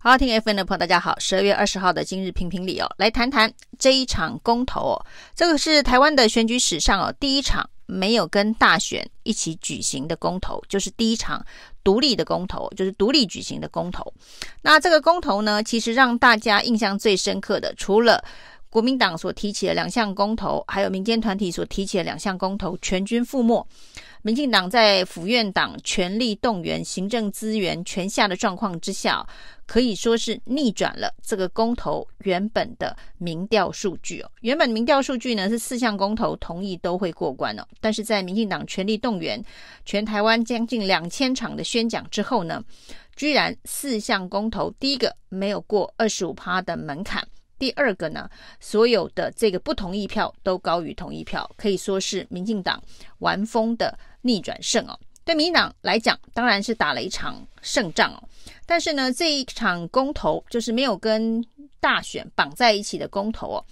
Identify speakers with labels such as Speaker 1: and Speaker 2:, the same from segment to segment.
Speaker 1: 好，聽 FM 的朋友，大家好。十二月二十號的今日評評理哦，來談談這一場公投哦。這個是台灣的選舉史上哦，第一場沒有跟大選一起舉行的公投，就是第一場獨立的公投，就是獨立舉行的公投。那這個公投呢，其實讓大家印象最深刻的，除了國民黨所提起的兩項公投，還有民間團體所提起的兩項公投，全軍覆沒。民進黨在府院黨全力動員行政資源全下的狀況之下，可以說是逆轉了這個公投原本的民調數據哦。原本民調數據呢是四項公投同意都會過關哦，但是在民進黨全力動員全台灣將近兩千場的宣講之後呢，居然四項公投第一個沒有過二十五趴的門檻。第二個呢，所有的這個不同意票都高於同意票，可以說是民進黨完封的逆轉勝哦。對民進黨來講，當然是打了一場勝仗哦。但是呢，這一場公投就是沒有跟大選綁在一起的公投哦。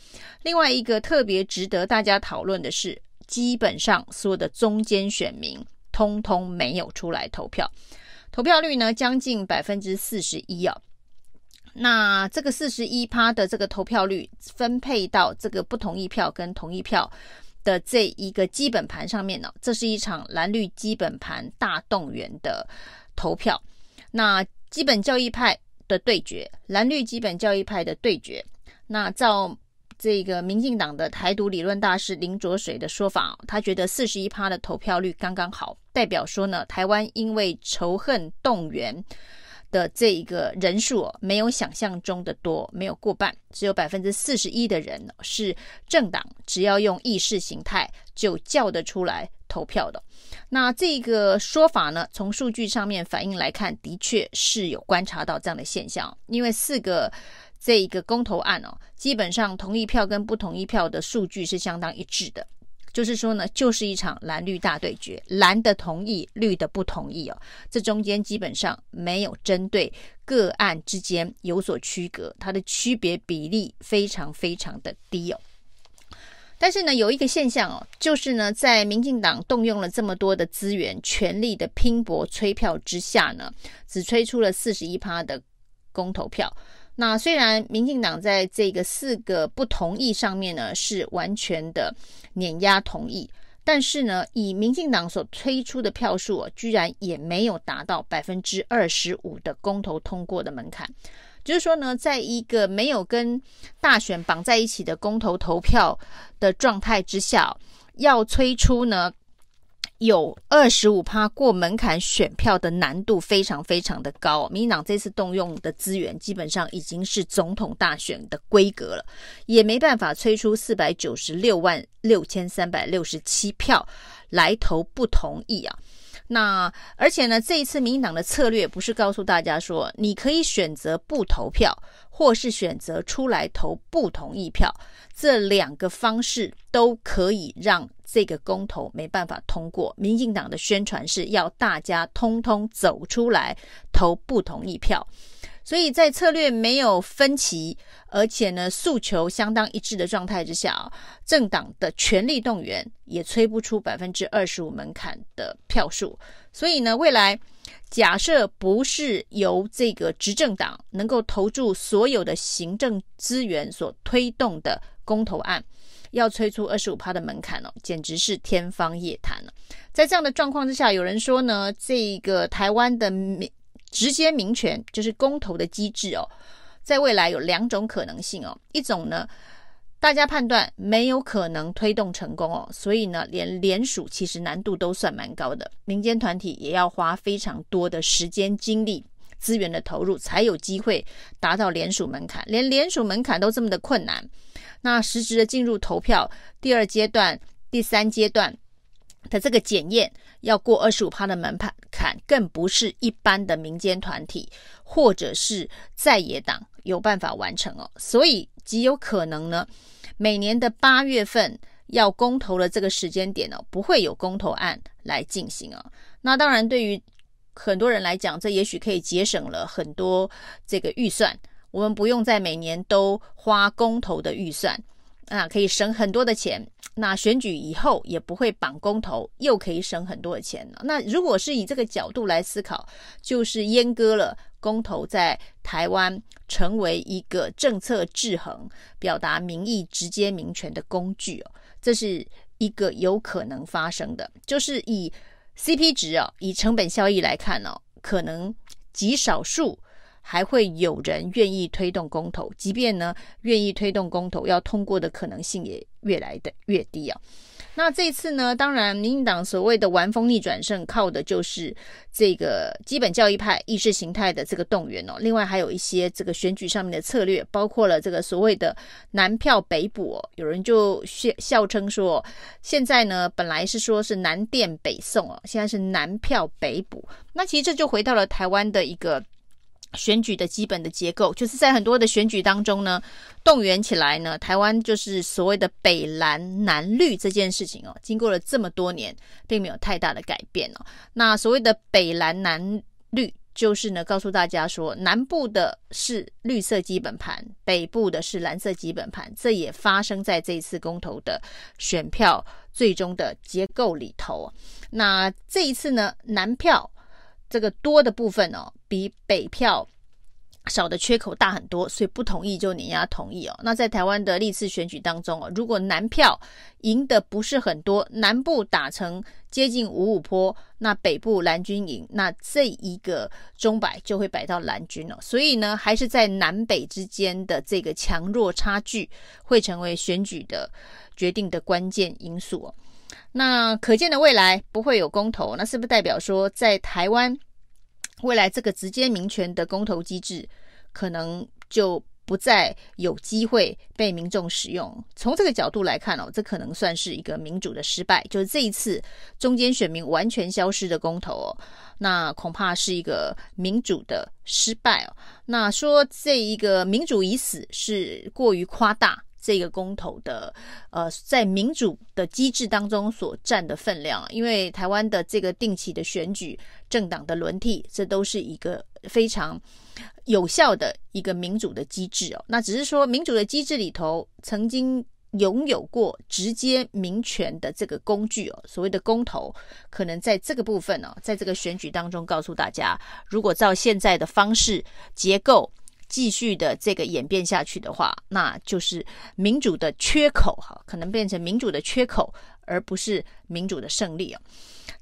Speaker 1: 另外一個特別值得大家討論的是，基本上所有的中間選民通通沒有出來投票，投票率呢將近百分之四十一啊那這個四十一趴的這個投票率分配到這個不同意票跟同意票的這一個基本盤上面呢、哦，這是一場藍綠基本盤大動員的投票，那基本教義派的對決，藍綠基本教義派的對決。那照這個民進黨的台獨理論大師林濁水的說法、哦，他覺得四十一趴的投票率剛剛好，代表說呢，台灣因為仇恨動員。的這一個人數哦，沒有想象中的多，沒有過半，只有百分之四十一的人哦，是政黨，只要用意識形態就叫得出來投票的。那這個說法呢，從數據上面反映來看，的確是有觀察到這樣的現象，因為四個這一個公投案哦，基本上同意票跟不同意票的數據是相當一致的。就是說呢，就是一場藍綠大對決，藍的同意，綠的不同意哦。這中間基本上沒有針對個案之間有所區隔，它的區別比例非常非常的低哦。但是呢，有一個現象哦，就是呢，在民進黨動用了這麼多的資源、全力的拼搏催票之下呢，只催出了四十一趴的公投票。那雖然民進黨在這個四個不同意上面呢是完全的碾壓同意，但是呢，以民進黨所推出的票數居然也沒有達到百分之二十五的公投通過的門檻。就是說呢，在一個沒有跟大選綁在一起的公投投票的狀態之下，要推出呢。有二十五趴過門檻選票的難度非常非常的高。民進黨這次動用的資源基本上已經是總統大選的規格了，也沒辦法催出四百九十六萬六千三百六十七票來投不同意啊。那而且呢，這一次民進黨的策略不是告訴大家說，你可以選擇不投票，或是選擇出來投不同意票，這兩個方式都可以讓這個公投沒辦法通過。民進黨的宣傳是要大家通通走出來投不同意票。所以在策略沒有分歧，而且呢訴求相當一致的狀態之下啊，政黨的全力動員也催不出百分之二十五門檻的票數。所以呢，未來假設不是由這個執政黨能夠投注所有的行政資源所推動的公投案，要催出二十五趴的門檻哦，簡直是天方夜譚了。在這樣的狀況之下，有人說呢，這個台灣的民。直接民權就是公投的機制哦，在未來有兩種可能性哦，一種呢，大家判斷沒有可能推動成功哦，所以呢，連連署其實難度都算蠻高的，民間團體也要花非常多的時間、精力、資源的投入，才有機會達到連署門檻，連連署門檻都這麼的困難，那實質的進入投票第二階段、第三階段，的這個檢驗要過二十五趴的門檻，更不是一般的民間團體或者是在野黨有辦法完成哦。所以極有可能呢，每年的八月份要公投的這個時間點哦，不會有公投案來進行哦。那當然，對於很多人來講，這也許可以節省了很多這個預算，我們不用在每年都花公投的預算啊，可以省很多的錢。那選舉以後也不會綁公投，又可以省很多的錢了。那如果是以這個角度來思考，就是閹割了公投在台灣成為一個政策制衡、表達民意、直接民權的工具哦，這是一個有可能發生的。就是以 CP 值哦，以成本效益來看哦，可能極少數。還會有人願意推動公投，即便呢願意推動公投，要通過的可能性也越來的越低啊、哦。那這一次呢，當然民進黨所謂的完封逆轉勝，靠的就是這個基本教義派意識形態的這個動員哦。另外還有一些這個選舉上面的策略，包括了這個所謂的南票北補、哦。有人就笑笑稱說，現在呢本來是說是南電北送哦，現在是南票北補。那其實這就回到了台灣的一個。選舉的基本的結構，就是在很多的選舉當中呢，動員起來呢，台灣就是所謂的北藍南綠這件事情哦，經過了這麼多年，並沒有太大的改變哦。那所謂的北藍南綠，就是呢，告訴大家說，南部的是綠色基本盤，北部的是藍色基本盤，這也發生在這一次公投的選票最終的結構裡頭。那這一次呢，南票。這個多的部分哦，比北票少的缺口大很多，所以不同意就碾壓同意哦。那在台灣的歷次選舉當中哦，如果南票贏的不是很多，南部打成接近五五波，那北部藍軍贏，那這一個鐘擺，就會擺到藍軍了哦。所以呢，還是在南北之間的這個強弱差距會成為選舉的決定的關鍵因素哦。那可見的未來不會有公投，那是不是代表說在台灣未來這個直接民權的公投機制，可能就不再有機會被民眾使用？從這個角度來看哦，這可能算是一個民主的失敗，就是這一次中間選民完全消失的公投哦，那恐怕是一個民主的失敗哦。那說這一個民主已死是過於誇大。這個公投的，呃，在民主的機制當中所佔的分量，因為台灣的這個定期的選舉、政黨的輪替，這都是一個非常有效的一個民主的機制哦。那只是說，民主的機制裡頭曾經擁有過直接民權的這個工具哦，所謂的公投，可能在這個部分哦，在這個選舉當中，告訴大家，如果照現在的方式結構。繼續的這個演變下去的話，那就是民主的缺口哈，可能變成民主的缺口，而不是民主的勝利。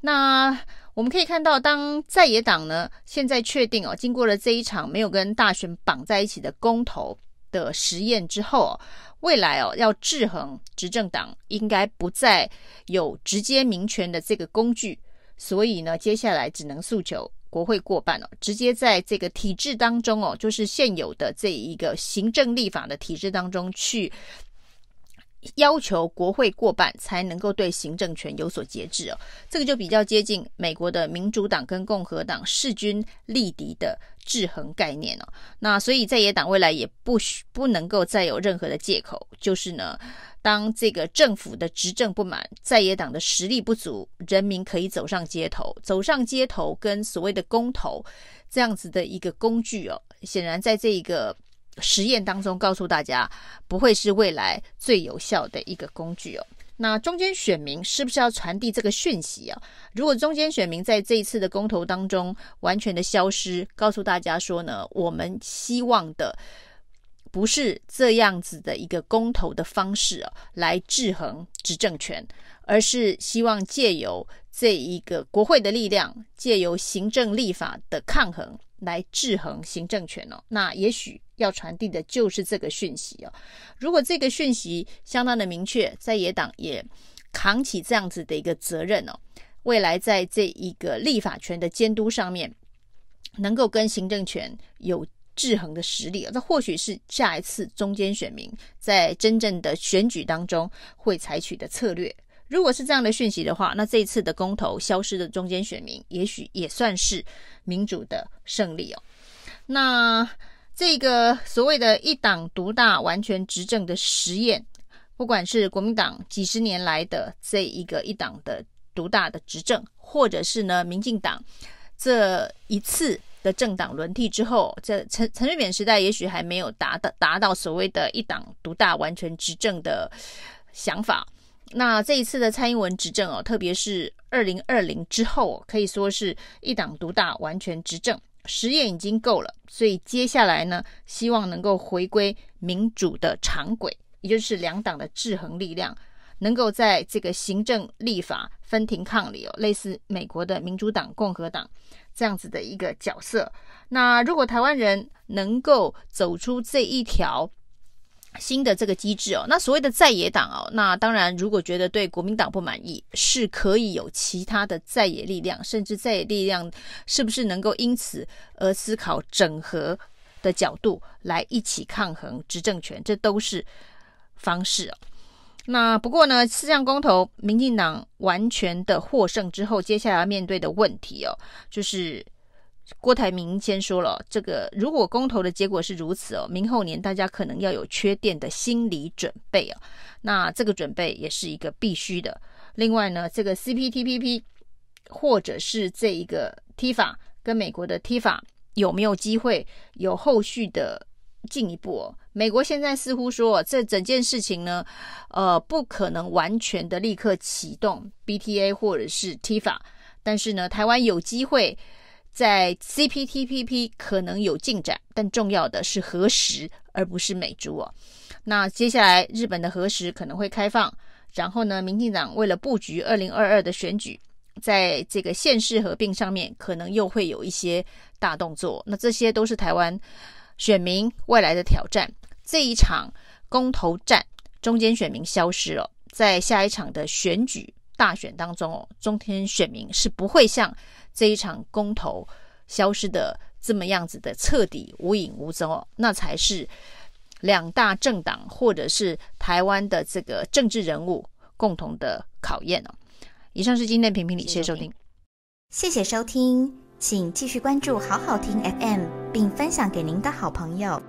Speaker 1: 那我們可以看到，當在野黨呢現在確定哦，經過了這一場沒有跟大選綁在一起的公投的實驗之後，未來哦要制衡執政黨，應該不再有直接民權的這個工具，所以呢，接下來只能訴求。國會過半哦，直接在這個體制當中哦，就是現有的這一個行政立法的體制當中去要求國會過半才能夠對行政權有所節制哦，這個就比較接近美國的民主黨跟共和黨勢均力敵的制衡概念哦。那所以在野黨未來也不許不能夠再有任何的借口，就是呢。當這個政府的執政不滿，在野黨的實力不足，人民可以走上街頭。走上街頭跟所謂的公投這樣子的一個工具哦，顯然在這一個實驗當中，告訴大家不會是未來最有效的一個工具哦。那中間選民是不是要傳遞這個訊息啊？如果中間選民在這一次的公投當中完全的消失，告訴大家說呢，我們希望的。不是這樣子的一個公投的方式哦，來制衡執政權，而是希望借由這一個國會的力量，借由行政立法的抗衡來制衡行政權哦。那也許要傳遞的就是這個訊息哦。如果這個訊息相當的明確，在野黨也扛起這樣子的一個責任哦，未來在這一個立法權的監督上面，能夠跟行政權有。制衡的實力啊，這或許是下一次中間選民在真正的選舉當中會採取的策略。如果是這樣的訊息的話，那這一次的公投消失的中間選民，也許也算是民主的勝利哦。那這個所謂的一黨獨大完全執政的實驗，不管是國民黨幾十年來的這一個一黨的獨大的執政，或者是呢民進黨這一次的政黨輪替之後，在陳陳水扁時代，也許還沒有達到達到所謂的一黨獨大完全執政的想法。那這一次的蔡英文執政哦，特別是二零二零之後哦，可以說是一黨獨大完全執政，實驗已經夠了。所以接下來呢，希望能夠回歸民主的常軌，也就是兩黨的制衡力量能夠在這個行政立法分庭抗禮哦，類似美國的民主黨、共和黨。這樣子的一個角色，那如果台灣人能夠走出這一條新的這個機制哦，那所謂的在野黨哦，那當然如果覺得對國民黨不滿意，是可以有其他的在野力量，甚至在野力量是不是能夠因此而思考整合的角度來一起抗衡執政權，這都是方式哦。那不過呢，四項公投，民進黨完全的獲勝之後，接下來要面對的問題哦，就是郭台銘先說了，這個如果公投的結果是如此哦，明後年大家可能要有缺電的心理準備哦。那這個準備也是一個必須的。另外呢，這個 CPTPP 或者是這一個 TIFA，跟美國的 TIFA 有沒有機會有後續的？進一步、哦、美國現在似乎說，這整件事情呢，呃，不可能完全的立刻啟動 BTA 或者是 TIFA，但是呢，台灣有機會在 CPTPP 可能有進展，但重要的是核實，而不是美豬哦。那接下來日本的核實可能會開放，然後呢，民進黨為了布局二零二二的選舉，在這個縣市合併上面可能又會有一些大動作，那這些都是台灣。選民未來的挑戰，這一場公投戰，中間選民消失了，在下一場的選舉大選當中哦，中間選民是不會像這一場公投消失的這麼樣子的徹底無影無蹤哦，那才是兩大政黨或者是台灣的這個政治人物共同的考驗哦。以上是今天的評評理，謝謝收聽。謝謝收聽，請繼續關注好好聽 FM。並分享給您的好朋友。